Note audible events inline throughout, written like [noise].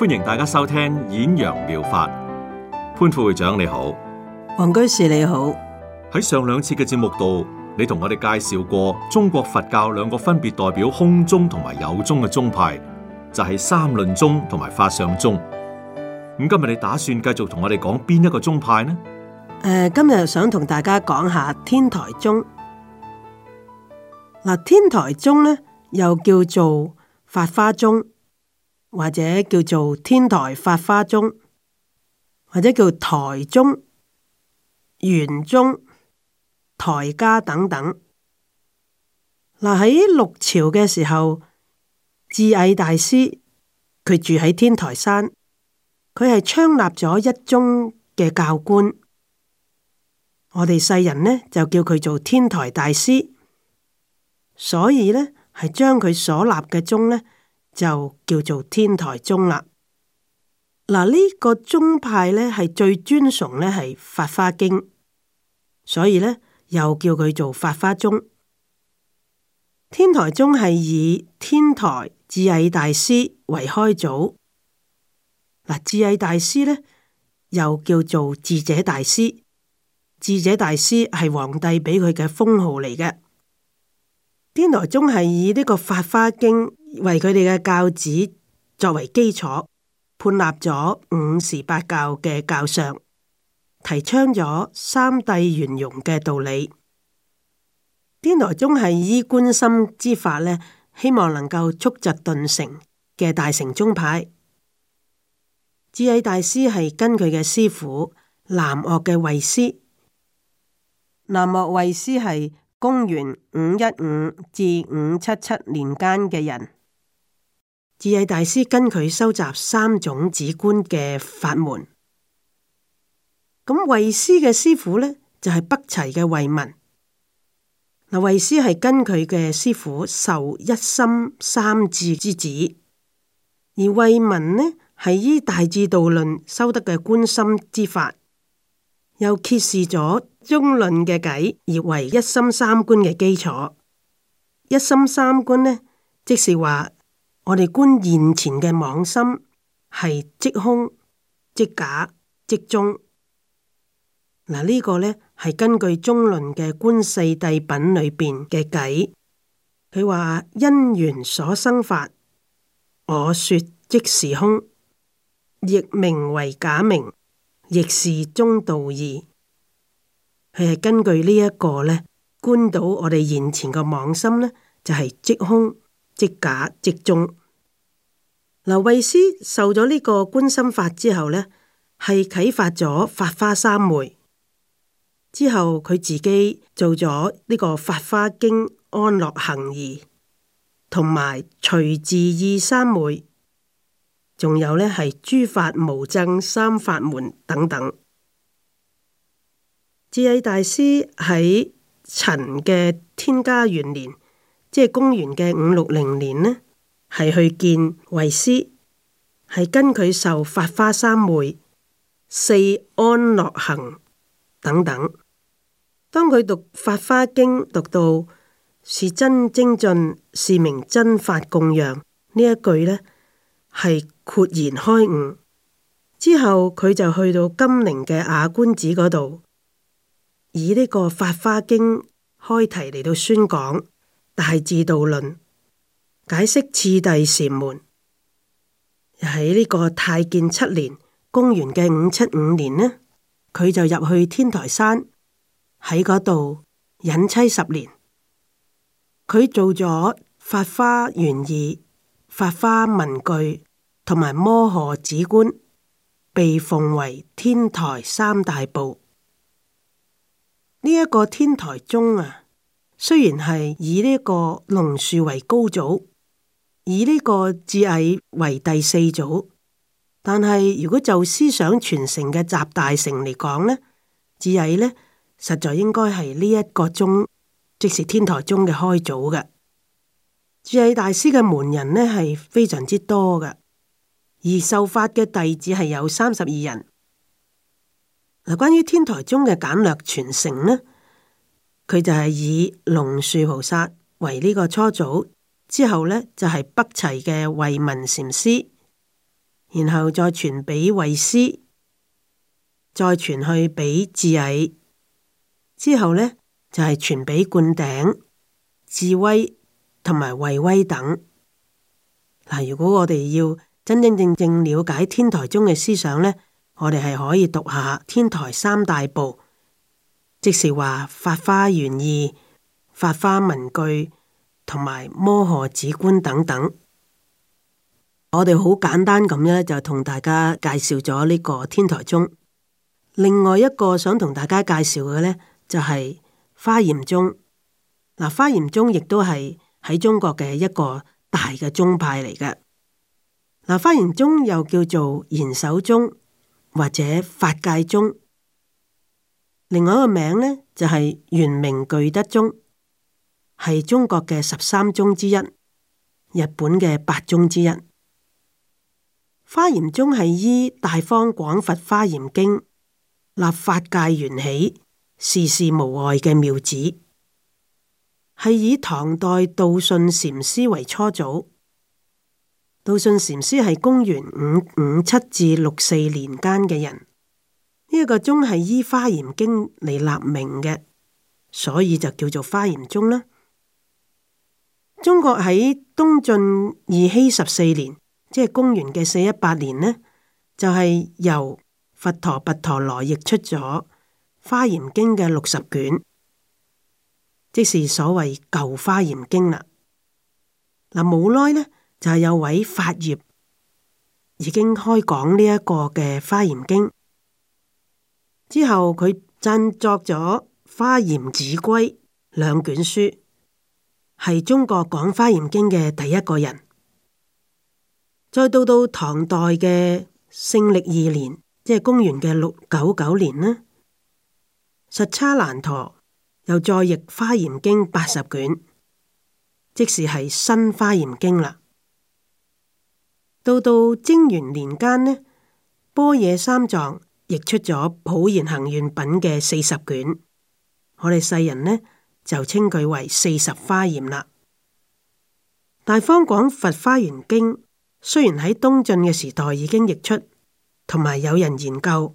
歡迎大家收聽《演揚妙法》潘副會長，你好。王居士你好。喺上兩次嘅節目度，你同我哋介紹過中國佛教兩個分別代表空中同埋有中嘅宗派，就係、是、三論宗同埋法相宗。咁今日你打算繼續同我哋講邊一個宗派呢？誒、呃，今日想同大家講下天台宗。嗱，天台宗咧又叫做法花宗。或者叫做天台法花宗，或者叫台宗、圓宗、台家等等。嗱，喺六朝嘅時候，智顗大師佢住喺天台山，佢係創立咗一宗嘅教觀。我哋世人呢就叫佢做天台大師，所以呢係將佢所立嘅宗呢。就叫做天台宗啦。嗱，呢個宗派咧，係最尊崇咧，係《法華經》，所以咧又叫佢做法華宗。天台宗係以天台智顗大師為開祖。嗱，智顗大師咧，又叫做智者大師。智者大師係皇帝俾佢嘅封號嚟嘅。天台宗係以呢個《法華經》為佢哋嘅教旨作為基礎，判立咗五時八教嘅教相，提倡咗三諦圓融嘅道理。天台宗係以觀心之法呢，希望能夠速疾頓成嘅大乘宗派。智慧大師係跟佢嘅師傅南岳嘅慧思，南岳慧思係。公元五一五至五七七年間嘅人，智顗大師跟佢收集三種止觀嘅法門，咁慧思嘅師傅呢，就係、是、北齊嘅慧文。嗱，慧思係跟佢嘅師傅受一心三智之旨，而慧文呢，係依大智度論修得嘅觀心之法，又揭示咗。中論嘅偈亦為一心三觀嘅基礎。一心三觀呢，即是話我哋觀現前嘅妄心係即空即假即中。嗱、這、呢個呢係根據中論嘅觀四諦品裏邊嘅偈，佢話因緣所生法，我說即是空，亦名為假名，亦是中道義。佢係根據呢一個咧，觀到我哋現前嘅妄心咧，就係、是、即空即假即中。嗱，慧思受咗呢個觀心法之後咧，係啟發咗法花三昧，之後佢自己做咗呢個法花經安樂行義，同埋隨自意三昧，仲有咧係諸法無諍三法門等等。智毅大師喺陳嘅天嘉元年，即係公元嘅五六零年呢，係去見慧思，係跟佢受法花三昧、四安樂行等等。當佢讀《法花經》讀到是真精進，是名真法供養呢一句呢，係豁然開悟之後，佢就去到金陵嘅瓦官寺嗰度。以呢、這個《法華經》開題嚟到宣講大智度論，解釋次第禪門。喺呢個太建七年（公元嘅五七五年）呢，佢就入去天台山，喺嗰度隱棲十年。佢做咗《法華玄義》《法華文句》同埋《摩訶止觀》，被奉為天台三大部。呢一個天台宗啊，雖然係以呢一個龍樹為高祖，以呢個智顗為第四祖，但係如果就思想傳承嘅集大成嚟講呢，智顗呢，實在應該係呢一個宗，即是天台宗嘅開祖㗎。智顗大師嘅門人呢，係非常之多㗎，而受法嘅弟子係有三十二人。嗱，關於天台宗嘅簡略傳承呢，佢就係以龍樹菩薩為呢個初祖，之後呢就係北齊嘅慧文禪師，然後再傳畀慧思，再傳去畀智 𫖮，之後呢就係傳畀灌頂、智威同埋慧威等。嗱，如果我哋要真真正正了解天台宗嘅思想呢，我哋係可以讀下天台三大部，即是話《法華玄義》、《法華文句》同埋《摩訶止觀》等等。我哋好簡單咁咧，就同大家介紹咗呢個天台宗。另外一個想同大家介紹嘅呢，就係華嚴宗。嗱，華嚴宗亦都係喺中國嘅一個大嘅宗派嚟嘅。嗱，華嚴宗又叫做賢首宗。或者法界宗，另外一個名呢，就係圓明具德宗，係中國嘅十三宗之一，日本嘅八宗之一。華嚴宗係依大方廣佛華嚴經立法界緣起，事事無礙嘅妙旨，係以唐代道信禪師為初祖。道信禪師係公元五五七至六四年間嘅人，呢、這、一個宗係依《華嚴經》嚟立名嘅，所以就叫做華嚴宗啦。中國喺東晉義熙十四年，即係公元嘅四一八年呢，就係、是、由佛陀跋陀羅譯出咗《華嚴經》嘅六十卷，即是所謂舊花《華嚴經》啦。嗱，冇耐呢，就有位法業已經開講呢一個嘅華嚴經之後，佢振作咗華嚴子規兩卷書，係中國講華嚴經嘅第一個人。再到到唐代嘅聖曆二年，即係公元嘅六九九年啦，實叉難陀又再譯華嚴經八十卷，即係係新華嚴經啦。到到貞元年間呢，般若三藏譯出咗《普賢行願品》嘅四十卷，我哋世人呢就稱佢為四十花嚴啦。大方廣佛花嚴經雖然喺東晉嘅時代已經譯出，同埋有人研究，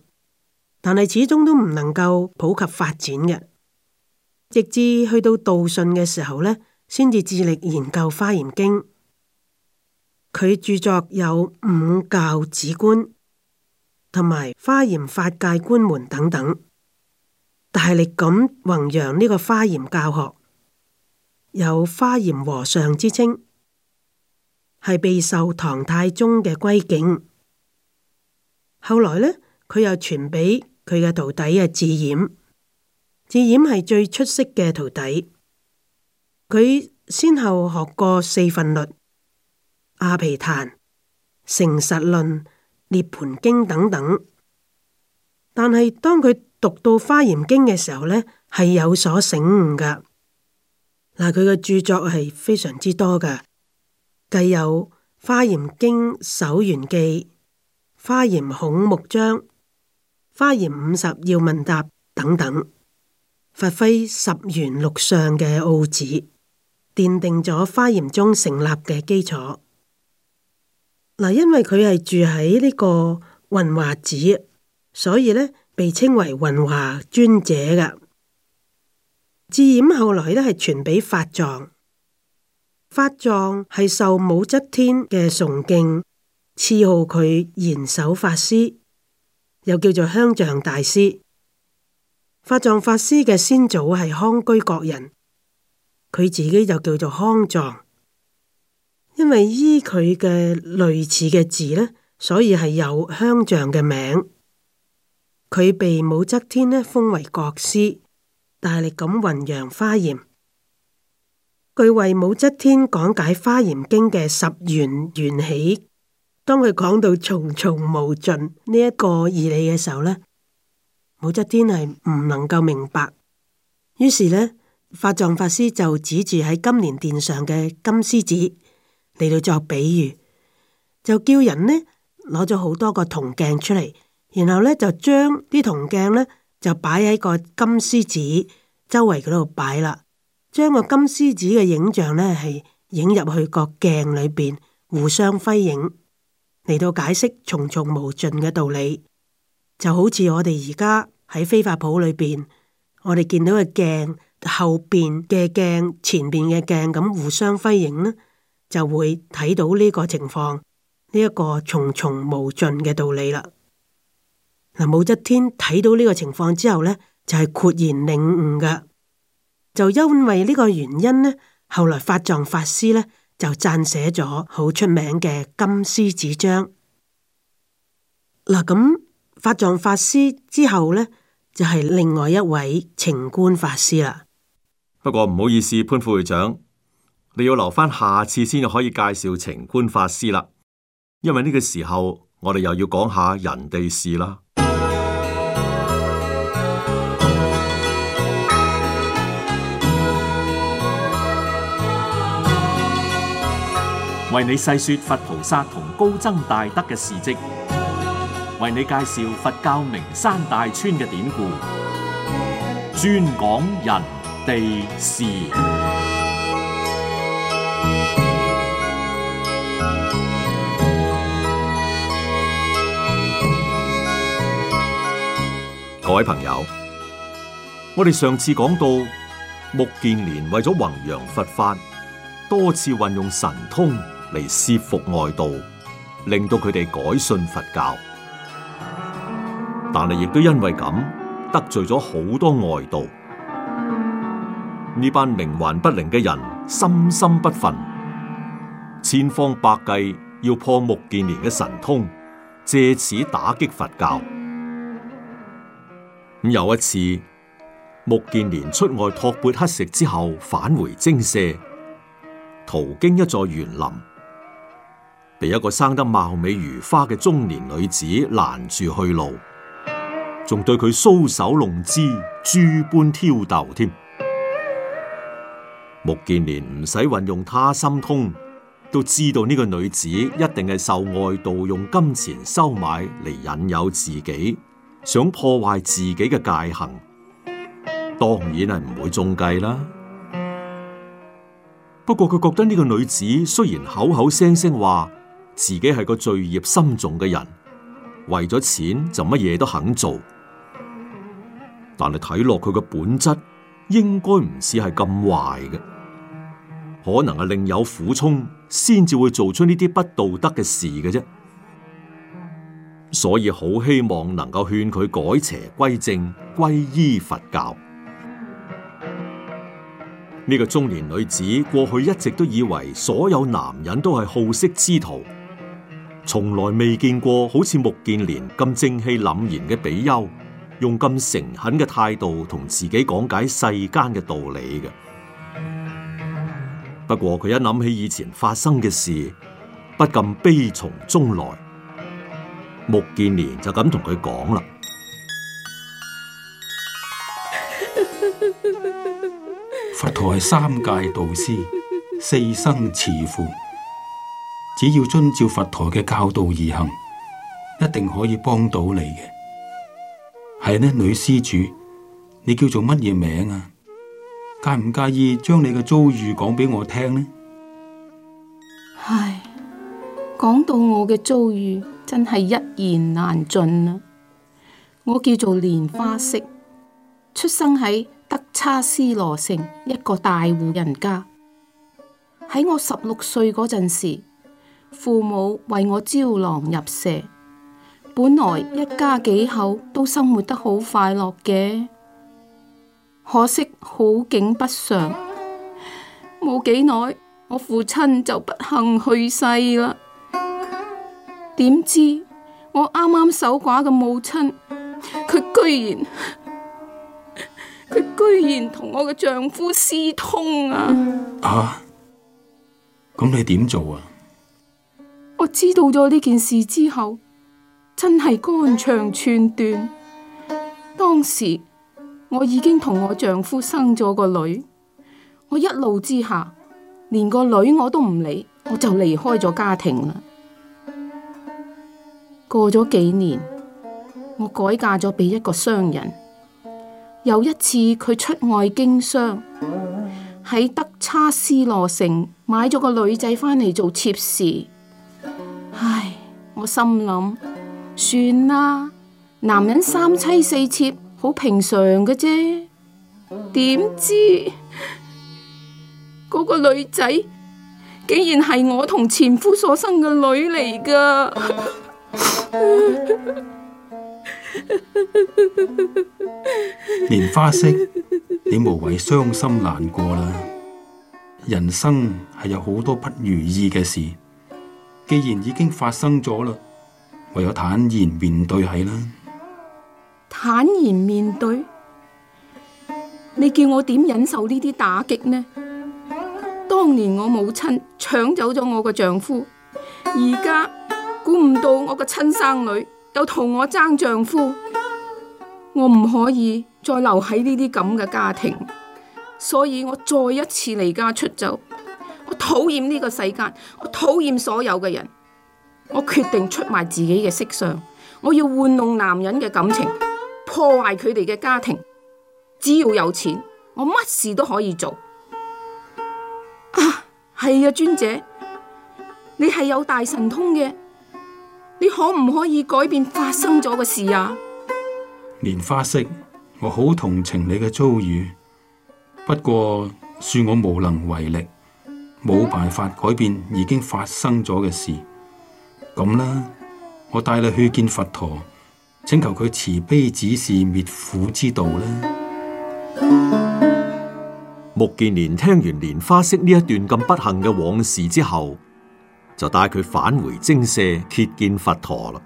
但係始終都唔能夠普及發展嘅，直至去到杜信嘅時候呢，先至致力研究花嚴經。佢著作有《五教止觀》同埋《華嚴法界觀門》等等，大力咁弘揚呢個華嚴教學，有華嚴和尚之稱，係備受唐太宗嘅歸敬。後來呢，佢又傳俾佢嘅徒弟啊智儼，智儼係最出色嘅徒弟，佢先後學過四分律。阿皮壇、成實論、涅槃經等等，但係當佢讀到《華嚴經》嘅時候呢係有所醒悟噶。嗱，佢嘅著作係非常之多噶，計有《華嚴經首元記》、《華嚴孔目章》、《華嚴五十要問答》等等，發揮十元六相嘅奧旨，奠定咗華嚴宗成立嘅基礎。嗱，因為佢係住喺呢個雲華寺，所以咧被稱為雲華尊者噶。智儼後來都係傳俾法藏，法藏係受武則天嘅崇敬，賜號佢賢首法師，又叫做香象大師。法藏法師嘅先祖係康居國人，佢自己就叫做康藏。因為依佢嘅類似嘅字呢，所以係有香象嘅名。佢被武則天咧封為國師，大力咁弘揚華嚴。佢為武則天講解華嚴經嘅十玄緣起，當佢講到重重無盡呢一個義理嘅時候呢，武則天係唔能夠明白。於是呢，法藏法師就指住喺金鑾殿上嘅金獅子。嚟到作比喻，就叫人咧攞咗好多個銅鏡出嚟，然後咧就將啲銅鏡咧就擺喺個金獅子周圍嗰度擺啦，將個金獅子嘅影像咧係影入去個鏡裏邊，互相輝映，嚟到解釋重重無盡嘅道理，就好似我哋而家喺飛髮鋪裏邊，我哋見到嘅鏡後邊嘅鏡、前邊嘅鏡咁互相輝映啦。就會睇到呢個情況，呢、這、一個重重無盡嘅道理啦。嗱，武則天睇到呢個情況之後呢，就係、是、豁然領悟噶。就因為呢個原因呢，後來法藏法師呢，就撰寫咗好出名嘅《金獅子章》。嗱，咁法藏法師之後呢，就係、是、另外一位澄觀法師啦。不過唔好意思，潘副會長。你要留翻下，下次先至可以介紹情觀法師啦，因為呢個時候我哋又要講下人哋事啦。為你細說佛菩薩同高僧大德嘅事跡，為你介紹佛教名山大川嘅典故，專講人哋事。各位朋友，我哋上次講到，目犍連為咗弘揚佛法，多次運用神通嚟攝服外道，令到佢哋改信佛教。但係亦都因為咁得罪咗好多外道，呢班冥頑不靈嘅人心心不忿，千方百計要破目犍連嘅神通，借此打擊佛教。咁、嗯、有一次，目犍連出外托缽乞食之後，返回精舍，途經一座園林，被一個生得貌美如花嘅中年女子攔住去路，仲對佢搔首弄姿、諸般挑逗添。目犍連唔使運用他心通，都知道呢個女子一定係受外道用金錢收買嚟引誘自己。想破壞自己嘅戒行，當然係唔會中計啦。不過佢覺得呢個女子雖然口口聲聲話自己係個罪孽深重嘅人，為咗錢就乜嘢都肯做，但係睇落佢嘅本質，應該唔似係咁壞嘅，可能係另有苦衷，先至會做出呢啲不道德嘅事嘅啫。所以好希望能夠勸佢改邪歸正、皈依佛教。呢個中年女子過去一直都以為所有男人都係好色之徒，從來未見過好似目犍連咁正氣凜然嘅比丘，用咁誠懇嘅態度同自己講解世間嘅道理嘅。不過佢一諗起以前發生嘅事，不禁悲從中來。目犍連就咁同佢講啦： [laughs] 佛陀係三界導師，四生慈父，只要遵照佛陀嘅教導而行，一定可以幫到你嘅。係呢，女施主，你叫做乜嘢名啊？介唔介意將你嘅遭遇講俾我聽呢？唉，講到我嘅遭遇。真係一言難盡啦，啊！我叫做蓮花色，出生喺德差斯羅城一個大戶人家。喺我十六歲嗰陣時，父母為我招郎入舍，本來一家幾口都生活得好快樂嘅。可惜好景不常，冇幾耐，我父親就不幸去世啦。點知我啱啱守寡嘅母親，佢居然佢居然同我嘅丈夫私通啊！吓、啊，咁你點做啊？我知道咗呢件事之後，真係肝腸寸斷。當時我已經同我丈夫生咗個女，我一怒之下，連個女我都唔理，我就離開咗家庭啦。過咗幾年，我改嫁咗俾一個商人。有一次佢出外經商，喺德差斯羅城買咗個女仔翻嚟做妾侍。唉，我心諗算啦，男人三妻四妾好平常嘅啫。點知嗰個女仔竟然係我同前夫所生嘅女嚟噶。蓮 [laughs] 花色，你無謂傷心難過啦。人生係有好多不如意嘅事，既然已經發生咗啦，唯有坦然面對係啦。坦然面對？你叫我點忍受呢啲打擊呢？當年我母親搶走咗我個丈夫，而家。估唔到我個親生女又同我爭丈夫，我唔可以再留喺呢啲咁嘅家庭，所以我再一次離家出走。我討厭呢個世界，我討厭所有嘅人。我決定出賣自己嘅色相，我要玩弄男人嘅感情，破壞佢哋嘅家庭。只要有錢，我乜事都可以做。啊，係啊，尊者，你係有大神通嘅。你可唔可以改變發生咗嘅事啊？蓮花色，我好同情你嘅遭遇，不過恕我無能為力，冇辦法改變已經發生咗嘅事。咁啦，我帶你去見佛陀，請求佢慈悲指示滅苦之道啦。目犍連聽完蓮花色呢一段咁不幸嘅往事之後。就帶佢返回精舍，謁見佛陀啦。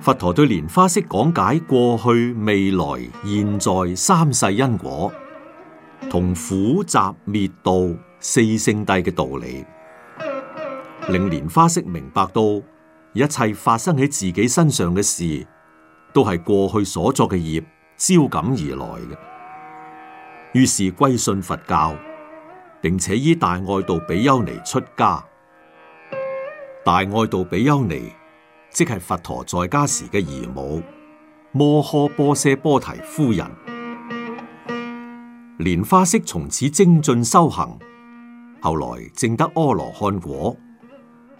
佛陀對蓮花色講解過去、未來、現在三世因果，同苦集滅道四聖諦嘅道理，令蓮花色明白到一切發生喺自己身上嘅事，都係過去所作嘅業招感而來嘅。於是歸信佛教。並且依大愛道比丘尼出家，大愛道比丘尼即係佛陀在家時嘅姨母摩訶波闍波提夫人，蓮花色從此精進修行，後來證得阿羅漢果，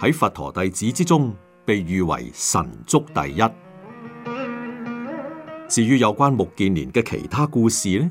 喺佛陀弟子之中被譽為神足第一。至於有關目犍連嘅其他故事呢？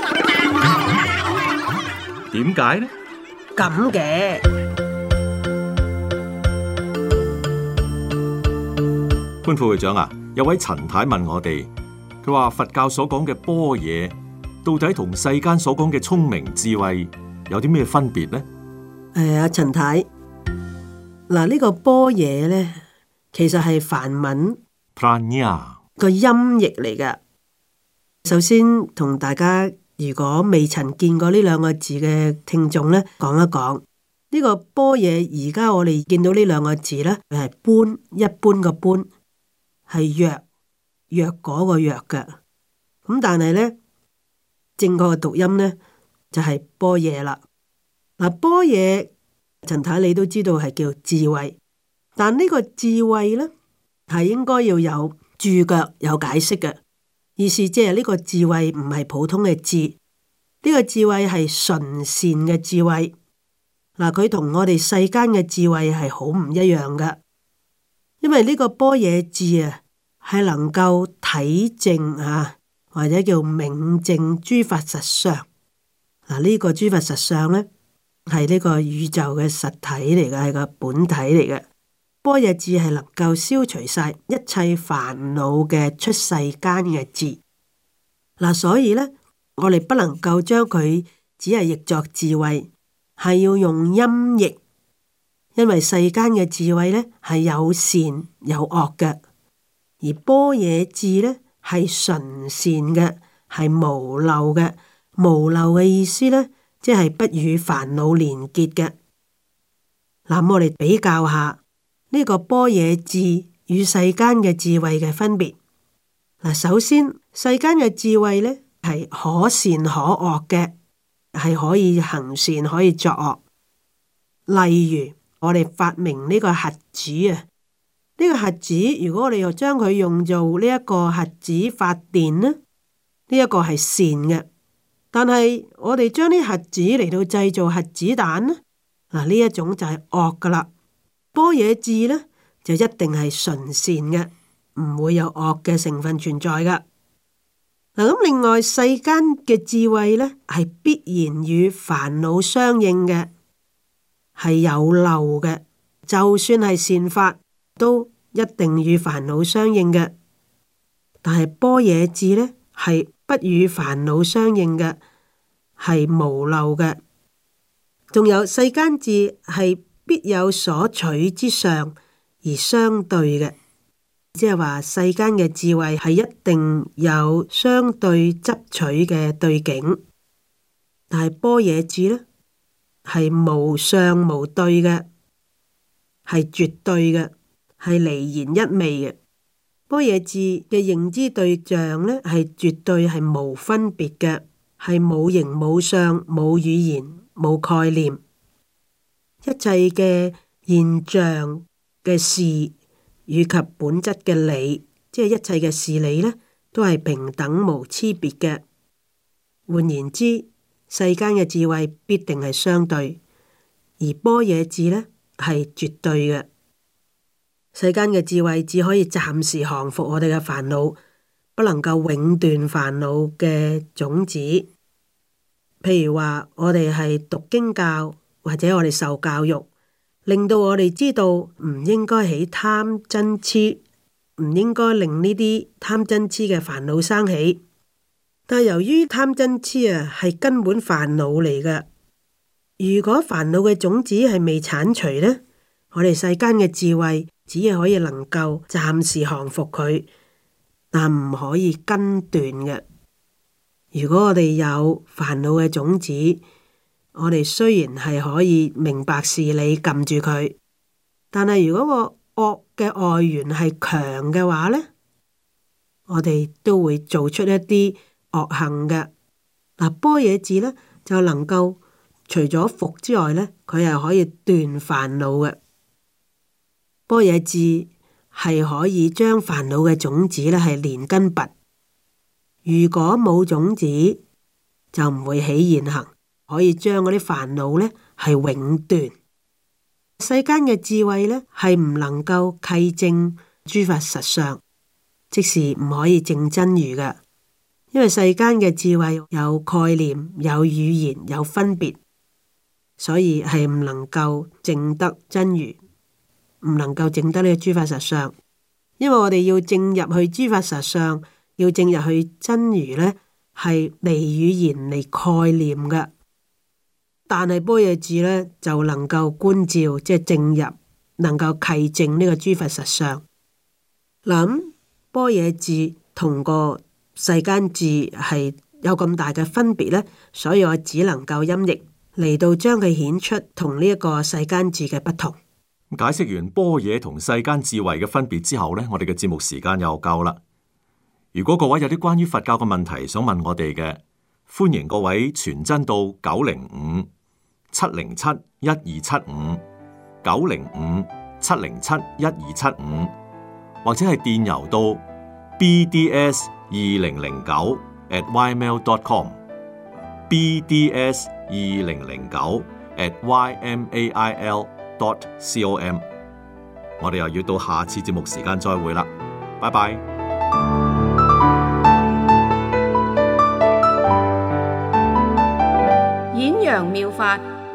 點解呢？咁嘅，潘副會長啊，有位陳太問我哋，佢話佛教所講嘅般若到底同世間所講嘅聰明智慧有啲咩分別呢？係啊，陳太，嗱，呢個般若咧，其實係梵文 Prajna 個音譯嚟噶。首先同大家。如果未曾見過呢兩個字嘅聽眾呢，講一講呢、這個般若。而家我哋見到呢兩個字呢，係般，一般個般，係若，若果個若嘅。咁但係呢，正確嘅讀音呢，就係般若啦。嗱，般若陳太你都知道係叫智慧，但呢個智慧呢，係應該要有注腳有解釋嘅。意思即係呢個智慧唔係普通嘅智，呢個智慧係純善嘅智慧。嗱，佢同我哋世間嘅智慧係好唔一樣嘅，因為呢個般若智啊，係能夠體證啊，或者叫明證諸法實相。嗱，呢個諸法實相咧，係呢個宇宙嘅實體嚟嘅，係個本體嚟嘅。般若智係能夠消除晒一切煩惱嘅出世間嘅智。嗱、啊，所以呢，我哋不能夠將佢只係譯作智慧，係要用音譯，因為世間嘅智慧呢，係有善有惡嘅，而般若智呢，係純善嘅，係無漏嘅。無漏嘅意思呢，即係不與煩惱連結嘅。嗱、啊嗯，我哋比較下。呢個般若智與世間嘅智慧嘅分別，嗱，首先世間嘅智慧呢係可善可惡嘅，係可以行善可以作惡。例如我哋發明呢個核子啊，呢個核子如果我哋又將佢用做呢一個核子發電呢，呢一個係善嘅；但係我哋將啲核子嚟到製造核子彈呢，嗱呢一種就係惡噶啦。般若智呢，就一定係純善嘅，唔會有惡嘅成分存在噶。嗱咁，另外世間嘅智慧呢，係必然與煩惱相應嘅，係有漏嘅。就算係善法，都一定與煩惱相應嘅。但係般若智呢，係不與煩惱相應嘅，係無漏嘅。仲有世間智係，必有所取之上而相對嘅。即係話世間嘅智慧係一定有相對執取嘅對境，但係般若智咧，係無相無對嘅，係絕對嘅，係離言一味嘅。般若智嘅認知對象咧，係絕對係無分別嘅，係冇形冇相冇語言冇概念。一切嘅現象嘅事，以及本質嘅理，即係一切嘅事理呢都係平等無差別嘅。換言之，世間嘅智慧必定係相對，而般若智呢係絕對嘅。世間嘅智慧只可以暫時降服我哋嘅煩惱，不能夠永斷煩惱嘅種子。譬如話我哋係讀經教。或者我哋受教育，令到我哋知道唔應該起貪嗔癡，唔應該令呢啲貪嗔癡嘅煩惱生起。但係由於貪嗔癡啊係根本煩惱嚟嘅。如果煩惱嘅種子係未鏟除呢，我哋世間嘅智慧只係可以能夠暫時降服佢，但唔可以根斷嘅。如果我哋有煩惱嘅種子，我哋雖然係可以明白事理撳住佢，但係如果個惡嘅外緣係強嘅話呢，我哋都會做出一啲惡行嘅。嗱，般若智呢，就能夠除咗伏之外呢，佢係可以斷煩惱嘅。般若智係可以將煩惱嘅種子咧係連根拔。如果冇種子，就唔會起現行。可以將嗰啲煩惱呢係永斷。世間嘅智慧呢係唔能夠契證諸法實相，即是唔可以證真如嘅。因為世間嘅智慧有概念、有語言、有分別，所以係唔能夠證得真如，唔能夠證得呢個諸法實相。因為我哋要證入去諸法實相，要證入去真如呢，係離語言、離概念嘅。但係般若智咧就能夠觀照，即係證入，能夠契證呢個諸佛實相。諗般若智同個世間智係有咁大嘅分別呢，所以我只能夠音譯嚟到將佢顯出同呢一個世間智嘅不同。解釋完般若同世間智慧嘅分別之後呢，我哋嘅節目時間又夠啦。如果各位有啲關於佛教嘅問題想問我哋嘅，歡迎各位傳真到九零五。七零七一二七五九零五七零七一二七五，75, 75, 或者係電郵到 bds 二零零九 atymail.com，bds 二零零九 atymail.com，我哋又要到下次節目時間再會啦，拜拜。演揚妙法。